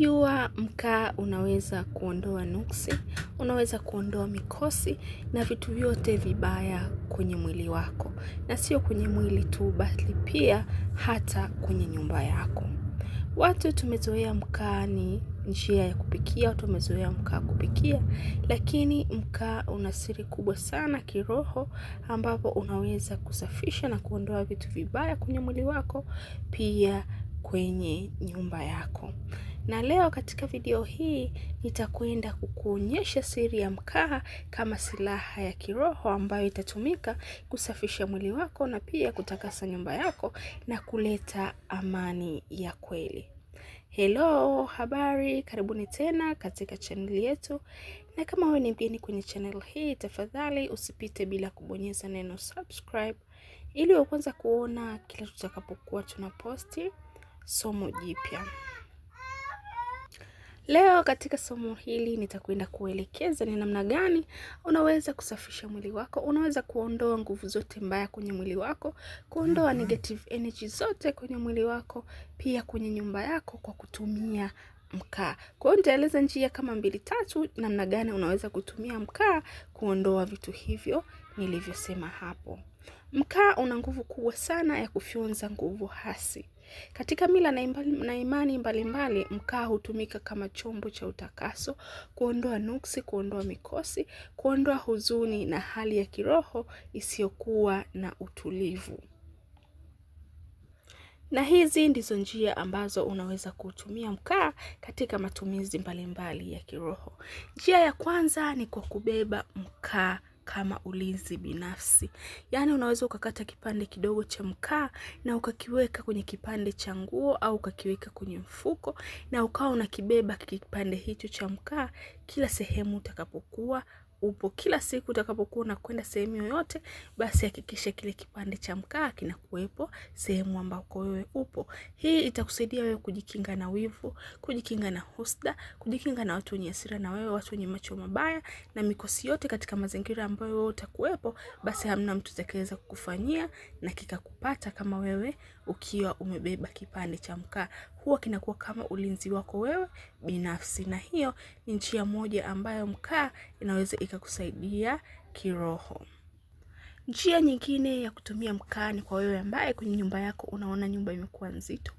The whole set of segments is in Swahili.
Unajua, mkaa unaweza kuondoa nuksi, unaweza kuondoa mikosi na vitu vyote vibaya kwenye mwili wako, na sio kwenye mwili tu, bali pia hata kwenye nyumba yako. Watu tumezoea mkaa ni njia ya kupikia, watu wamezoea mkaa kupikia, lakini mkaa una siri kubwa sana kiroho, ambapo unaweza kusafisha na kuondoa vitu vibaya kwenye mwili wako, pia kwenye nyumba yako. Na leo katika video hii nitakwenda kukuonyesha siri ya mkaa kama silaha ya kiroho ambayo itatumika kusafisha mwili wako na pia kutakasa nyumba yako na kuleta amani ya kweli. Hello, habari, karibuni tena katika chaneli yetu, na kama wewe ni mgeni kwenye channel hii, tafadhali usipite bila kubonyeza neno subscribe ili uanze kuona kila tutakapokuwa tunaposti somo jipya. Leo katika somo hili nitakwenda kuelekeza ni namna gani unaweza kusafisha mwili wako, unaweza kuondoa nguvu zote mbaya kwenye mwili wako, kuondoa mm-hmm. negative energy zote kwenye mwili wako, pia kwenye nyumba yako kwa kutumia mkaa. Kwa hiyo nitaeleza njia kama mbili tatu, namna gani unaweza kutumia mkaa kuondoa vitu hivyo nilivyosema hapo. Mkaa una nguvu kubwa sana ya kufyonza nguvu hasi. Katika mila na imani mbalimbali, mkaa hutumika kama chombo cha utakaso, kuondoa nuksi, kuondoa mikosi, kuondoa huzuni na hali ya kiroho isiyokuwa na utulivu. Na hizi ndizo njia ambazo unaweza kuutumia mkaa katika matumizi mbalimbali ya kiroho. Njia ya kwanza ni kwa kubeba mkaa kama ulinzi binafsi. Yaani unaweza ukakata kipande kidogo cha mkaa na ukakiweka kwenye kipande cha nguo au ukakiweka kwenye mfuko na ukawa unakibeba kipande hicho cha mkaa kila sehemu utakapokuwa upo kila siku utakapokuwa unakwenda sehemu yoyote, basi hakikisha kile kipande cha mkaa kinakuwepo sehemu ambako wewe upo. Hii itakusaidia wewe kujikinga na wivu, kujikinga na husda, kujikinga na watu wenye hasira na wewe, watu wenye macho mabaya na mikosi yote katika mazingira ambayo wewe utakuwepo, basi hamna mtu atakayeweza kukufanyia na kikakupata kama wewe ukiwa umebeba kipande cha mkaa huwa kinakuwa kama ulinzi wako wewe binafsi, na hiyo ni njia moja ambayo mkaa inaweza ikakusaidia kiroho. Njia nyingine ya kutumia mkaa ni kwa wewe ambaye kwenye nyumba yako unaona nyumba imekuwa nzito,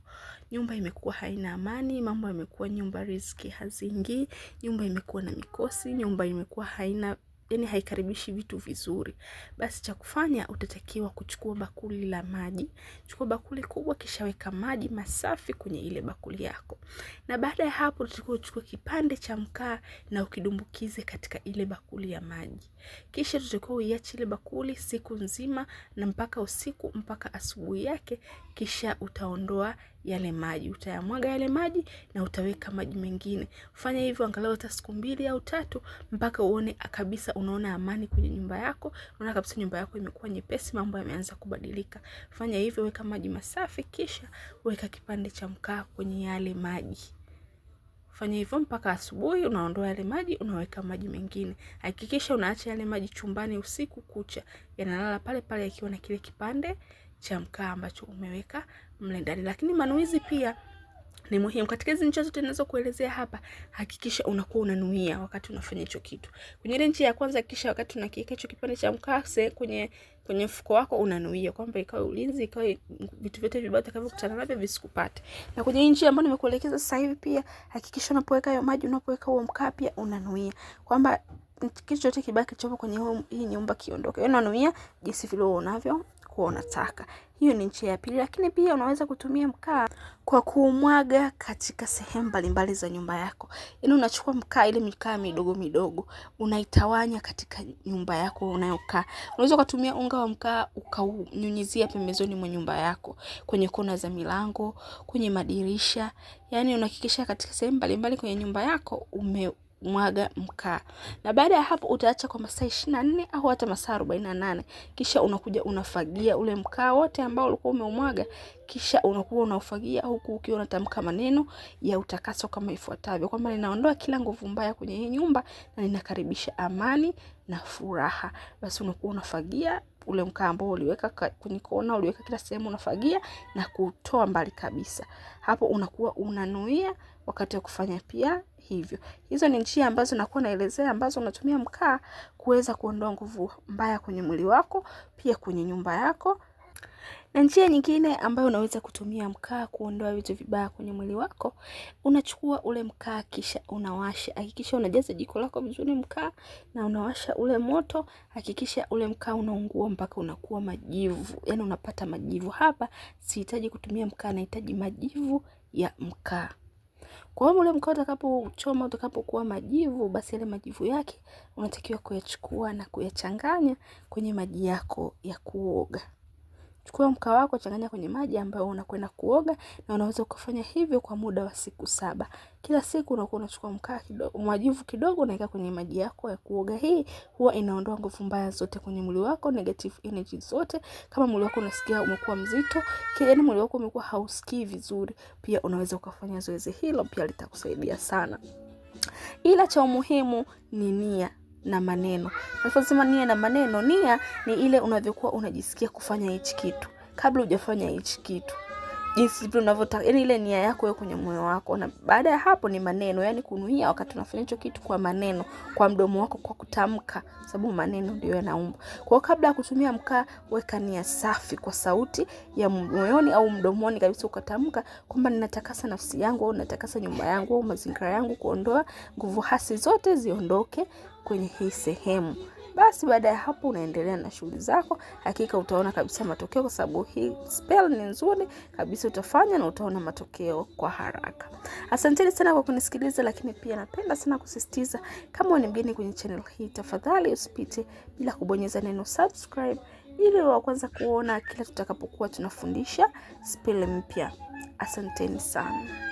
nyumba imekuwa haina amani, mambo yamekuwa nyumba riziki haziingii, nyumba imekuwa na mikosi, nyumba imekuwa haina yani haikaribishi vitu vizuri, basi cha kufanya utatakiwa kuchukua bakuli la maji. Chukua bakuli kubwa, kisha weka maji masafi kwenye ile bakuli yako, na baada ya hapo utatakiwa uchukue kipande cha mkaa na ukidumbukize katika ile bakuli ya maji, kisha utatakiwa uiache ile bakuli siku nzima na mpaka usiku, mpaka asubuhi yake, kisha utaondoa yale maji utayamwaga yale maji na utaweka maji mengine. Fanya hivyo angalau hata siku mbili au tatu, mpaka uone kabisa unaona amani kwenye nyumba yako, unaona kabisa nyumba yako imekuwa nyepesi, mambo yameanza kubadilika. Fanya hivyo, weka maji masafi, kisha weka kipande cha mkaa kwenye yale maji. Fanya hivyo mpaka asubuhi, unaondoa yale maji, unaweka maji mengine. Hakikisha unaacha yale maji chumbani usiku kucha, yanalala pale pale yakiwa na kile kipande cha mkaa ambacho umeweka mle ndani. Lakini manuizi pia ni muhimu. Katika hizi njia zote ninazokuelezea hapa, hakikisha unakuwa unanuia wakati unafanya hicho kitu. Kwenye ile njia ya kwanza, hakikisha wakati unakiweka hicho kipande cha mkase kwenye kwenye mfuko wako unanuia kwamba ikawe ulinzi, ikawe vitu vyote vibaya utakavyokutana navyo visikupate. Na kwenye njia ambayo nimekuelekeza sasa hivi, pia hakikisha unapoweka hiyo maji, unapoweka huo mkaa, pia unanuia kwamba kitu chote kibaya kilichopo kwenye hii nyumba kiondoke. Yaani unanuia jinsi vile unavyo kuwa unataka. Hiyo ni njia ya pili, lakini pia unaweza kutumia mkaa kwa kuumwaga katika sehemu mbalimbali za nyumba yako. Yaani unachukua mkaa ile mikaa midogo midogo, unaitawanya katika nyumba yako unayokaa. Unaweza ukatumia unga wa mkaa ukaunyunyizia pembezoni mwa nyumba yako, kwenye kona za milango, kwenye madirisha. Yaani unahakikisha katika sehemu mbalimbali kwenye nyumba yako ume mwaga mkaa, na baada ya hapo utaacha kwa masaa 24 au hata masaa 48, kisha unakuja unafagia ule mkaa wote ambao ulikuwa umeumwaga, kisha unakuwa unaufagia huku ukiwa unatamka maneno ya utakaso kama ifuatavyo, kwamba ninaondoa kila nguvu mbaya kwenye hii nyumba na ninakaribisha amani na furaha. Basi unakuwa unafagia ule mkaa ambao uliweka kwenye kona, uliweka kila sehemu, unafagia na kutoa mbali kabisa. Hapo unakuwa unanuia wakati wa kufanya pia hivyo. Hizo ni njia ambazo nakuwa naelezea ambazo unatumia mkaa kuweza kuondoa nguvu mbaya kwenye mwili wako, pia kwenye nyumba yako. Na njia nyingine ambayo unaweza kutumia mkaa kuondoa vitu vibaya kwenye mwili wako, unachukua ule mkaa kisha unawasha. Hakikisha unajaza jiko lako vizuri mkaa na unawasha ule moto. Hakikisha ule mkaa unaungua mpaka unakuwa majivu, yaani unapata majivu. Hapa sihitaji kutumia mkaa, nahitaji majivu ya mkaa. Kwa hiyo ule mkaa utakapochoma, utakapokuwa majivu, basi yale majivu yake unatakiwa kuyachukua na kuyachanganya kwenye maji yako ya kuoga. Chukua mkaa wako changanya kwenye maji ambayo unakwenda kuoga, na unaweza ukafanya hivyo kwa muda wa siku saba. Kila siku unakuwa unachukua mkaa kidogo, majivu kidogo, unaweka kwenye maji yako ya kuoga. Hii huwa inaondoa nguvu mbaya zote kwenye mwili wako, negative energy zote. Kama mwili wako unasikia umekuwa mzito, yaani mwili wako umekuwa hausikii vizuri, pia unaweza ukafanya zoezi hilo, pia litakusaidia sana. Ila cha umuhimu ni nia na maneno. Naposema nia na maneno, nia ni ile unavyokuwa unajisikia kufanya hichi kitu kabla hujafanya hichi kitu jinsi unavyotaka, yani ile nia yako wewe kwenye moyo wako. Na baada ya hapo ni maneno, yani kunuia wakati unafanya hicho kitu kwa maneno, kwa mdomo wako, kwa kutamka, sababu maneno ndio yanaumba. Kwa hiyo kabla ya kutumia mkaa, weka nia safi kwa sauti ya moyoni au mdomoni kabisa, ukatamka kwamba ninatakasa nafsi yangu au ninatakasa nyumba yangu au mazingira yangu, kuondoa nguvu hasi zote ziondoke kwenye hii sehemu. Basi baada ya hapo unaendelea na shughuli zako, hakika utaona kabisa matokeo, kwa sababu hii spell ni nzuri kabisa, utafanya na utaona matokeo kwa haraka. Asanteni sana kwa kunisikiliza, lakini pia napenda sana kusisitiza, kama ni mgeni kwenye channel hii, tafadhali usipite bila kubonyeza neno subscribe ili wa kwanza kuona kila tutakapokuwa tunafundisha spell mpya. Asanteni sana.